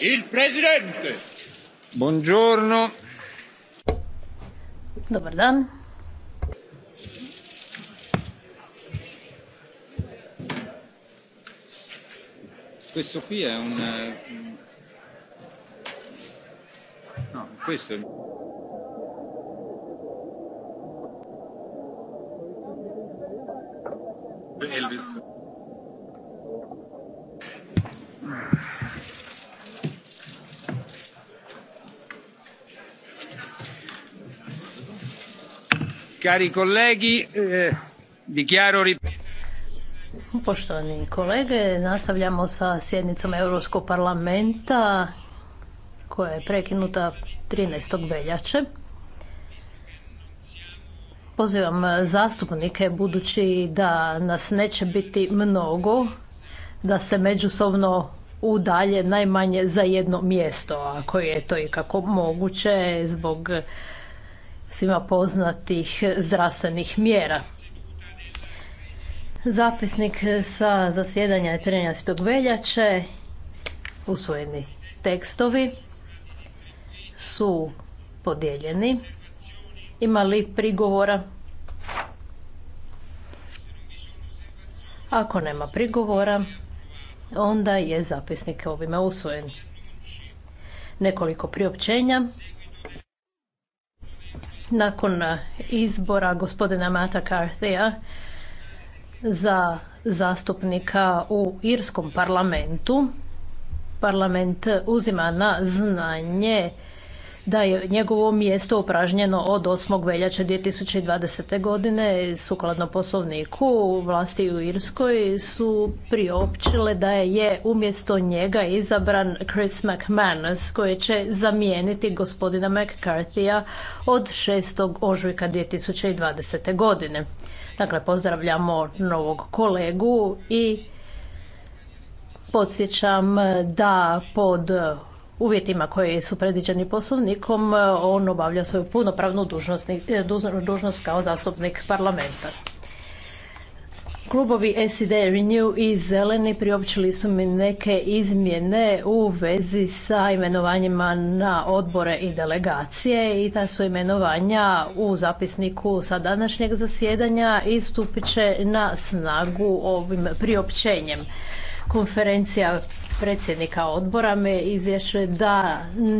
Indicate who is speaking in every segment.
Speaker 1: Il presidente. Buongiorno. Dobar dan. Questo qui è un eh, No, questo è Elvis. Eh, Poštovani kolege, nastavljamo sa sjednicom Europskog parlamenta koja je prekinuta 13. veljače. Pozivam zastupnike, budući da nas neće biti mnogo, da se međusobno udalje najmanje za jedno mjesto, ako je to i kako moguće, zbog svima poznatih zdravstvenih mjera. Zapisnik sa zasjedanja 13. veljače, usvojeni tekstovi su podijeljeni. Ima li prigovora? Ako nema prigovora, onda je zapisnik ovime usvojen. Nekoliko priopćenja. Nakon izbora gospodina Mata Carthea za zastupnika u Irskom parlamentu, parlament uzima na znanje da je njegovo mjesto upražnjeno od 8. veljače 2020. godine sukladno poslovniku vlasti u Irskoj su priopćile da je umjesto njega izabran Chris McManus koji će zamijeniti gospodina McCarthyja od 6. ožujka 2020. godine. Dakle, pozdravljamo novog kolegu i podsjećam da pod uvjetima koji su predviđeni poslovnikom e, on obavlja svoju punopravnu e, dužnost kao zastupnik parlamenta. Klubovi SID, Renew i Zeleni priopćili su mi neke izmjene u vezi sa imenovanjima na odbore i delegacije i ta su imenovanja u zapisniku sa današnjeg zasjedanja i stupit će na snagu ovim priopćenjem. Konferencija predsjednika odbora me izvješće da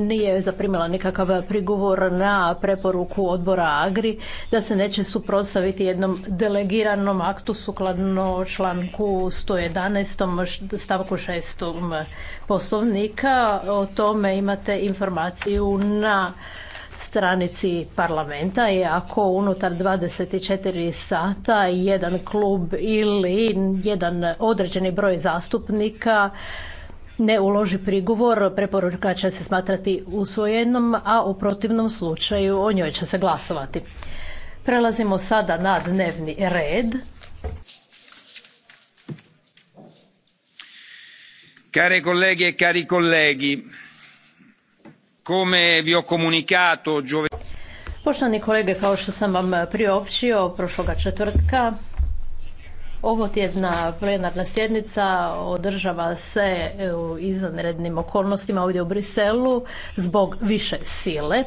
Speaker 1: nije zaprimila nikakav prigovor na preporuku odbora Agri da se neće suprotstaviti jednom delegiranom aktu sukladno članku 111. stavku 6. poslovnika. O tome imate informaciju na stranici parlamenta i ako unutar 24 sata jedan klub ili jedan određeni broj zastupnika ne uloži prigovor, preporuka će se smatrati usvojenom, a u protivnom slučaju o njoj će se glasovati. Prelazimo sada na dnevni red. Care colleghe e cari colleghi, come vi ho comunicato Poštovani kolege, kao što sam vam priopćio prošloga četvrtka, ovo tjedna plenarna sjednica održava se e, u izvanrednim okolnostima ovdje u Briselu zbog više sile.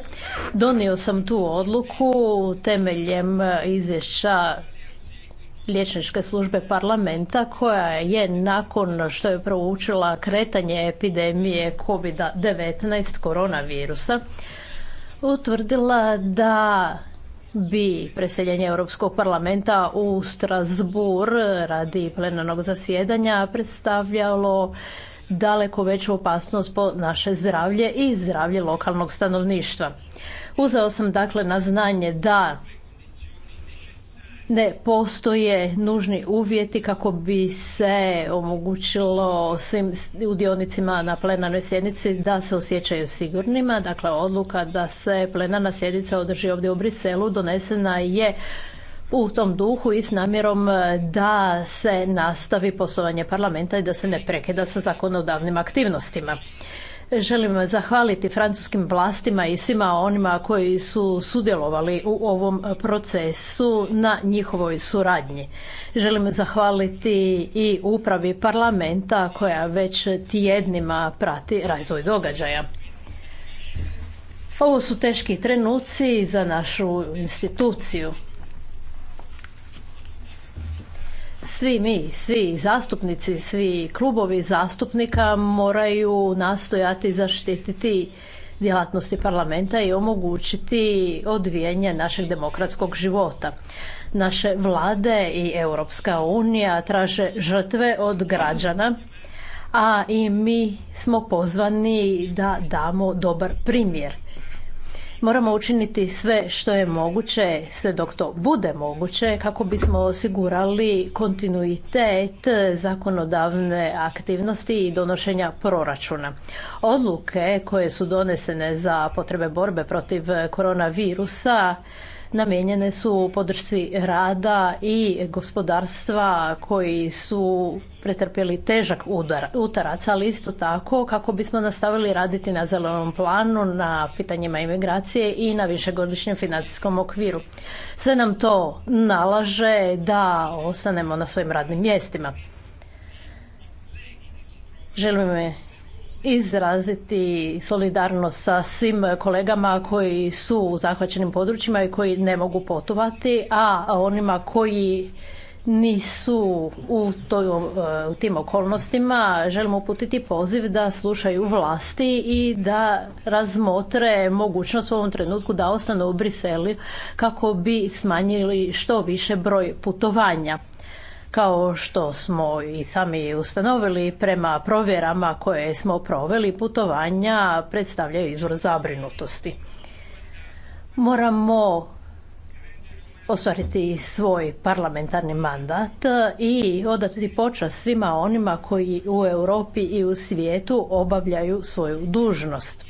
Speaker 1: Donio sam tu odluku temeljem izvješća liječničke službe parlamenta koja je nakon što je proučila kretanje epidemije COVID-19 koronavirusa utvrdila da bi preseljenje Europskog parlamenta u Strasbur radi plenarnog zasjedanja predstavljalo daleko veću opasnost po naše zdravlje i zdravlje lokalnog stanovništva. Uzeo sam dakle na znanje da ne postoje nužni uvjeti kako bi se omogućilo svim udionicima na plenarnoj sjednici da se osjećaju sigurnima. Dakle, odluka da se plenarna sjednica održi ovdje u Briselu donesena je u tom duhu i s namjerom da se nastavi poslovanje parlamenta i da se ne prekida sa zakonodavnim aktivnostima. Želim zahvaliti francuskim vlastima i svima onima koji su sudjelovali u ovom procesu na njihovoj suradnji. Želim zahvaliti i upravi parlamenta koja već tjednima prati razvoj događaja. Ovo su teški trenuci za našu instituciju. svi mi, svi zastupnici, svi klubovi zastupnika moraju nastojati zaštititi djelatnosti parlamenta i omogućiti odvijanje našeg demokratskog života. Naše vlade i Europska unija traže žrtve od građana, a i mi smo pozvani da damo dobar primjer. Moramo učiniti sve što je moguće, sve dok to bude moguće, kako bismo osigurali kontinuitet zakonodavne aktivnosti i donošenja proračuna. Odluke koje su donesene za potrebe borbe protiv koronavirusa namijenjene su podršci rada i gospodarstva koji su pretrpjeli težak udar, utarac, ali isto tako kako bismo nastavili raditi na zelenom planu, na pitanjima imigracije i na višegodišnjem financijskom okviru. Sve nam to nalaže da ostanemo na svojim radnim mjestima. Želim izraziti solidarnost sa svim kolegama koji su u zahvaćenim područjima i koji ne mogu potovati, a onima koji nisu u, toj, u tim okolnostima želimo uputiti poziv da slušaju vlasti i da razmotre mogućnost u ovom trenutku da ostanu u Briseli kako bi smanjili što više broj putovanja. Kao što smo i sami ustanovili prema provjerama koje smo proveli, putovanja predstavljaju izvor zabrinutosti. Moramo ostvariti svoj parlamentarni mandat i odati počast svima onima koji u Europi i u svijetu obavljaju svoju dužnost.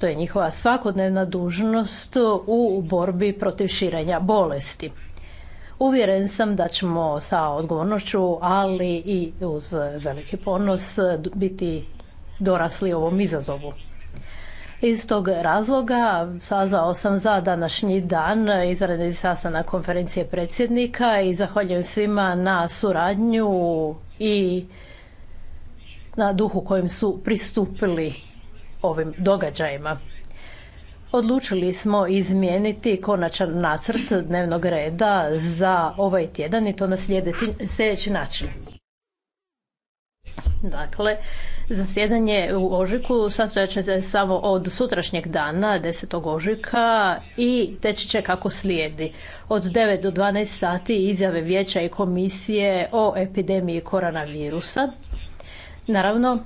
Speaker 1: To je njihova svakodnevna dužnost u borbi protiv širenja bolesti. Uvjeren sam da ćemo sa odgovornošću, ali i uz veliki ponos biti dorasli ovom izazovu. Iz tog razloga sazvao sam za današnji dan izradi sastanak konferencije predsjednika i zahvaljujem svima na suradnju i na duhu kojim su pristupili ovim događajima. Odlučili smo izmijeniti konačan nacrt dnevnog reda za ovaj tjedan i to na sljedeći način. Dakle, zasjedanje u Ožiku sastojat će se samo od sutrašnjeg dana, 10. ožika i teći će kako slijedi. Od 9 do 12 sati izjave vijeća i komisije o epidemiji koronavirusa. Naravno,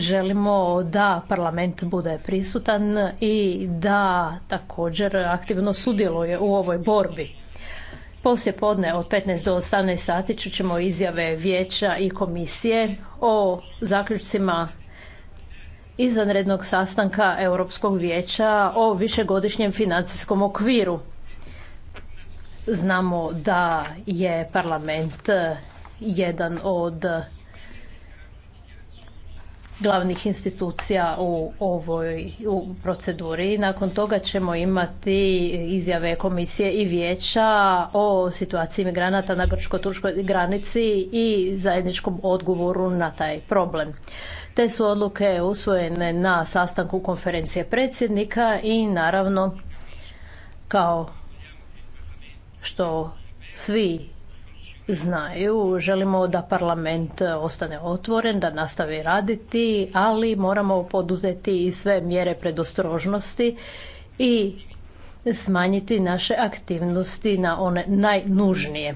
Speaker 1: želimo da parlament bude prisutan i da također aktivno sudjeluje u ovoj borbi. Poslije podne od 15 do 18 sati ćemo izjave vijeća i komisije o zaključcima izvanrednog sastanka Europskog vijeća o višegodišnjem financijskom okviru. Znamo da je parlament jedan od glavnih institucija u ovoj u proceduri. Nakon toga ćemo imati izjave komisije i vijeća o situaciji migranata na grčko-turskoj granici i zajedničkom odgovoru na taj problem. Te su odluke usvojene na sastanku konferencije predsjednika i naravno kao što svi znaju, želimo da parlament e, ostane otvoren, da nastavi raditi, ali moramo poduzeti i sve mjere predostrožnosti i smanjiti naše aktivnosti na one najnužnije.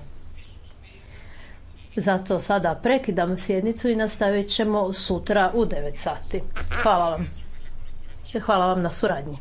Speaker 1: Zato sada prekidam sjednicu i nastavit ćemo sutra u 9 sati. Hvala vam. Hvala vam na suradnji.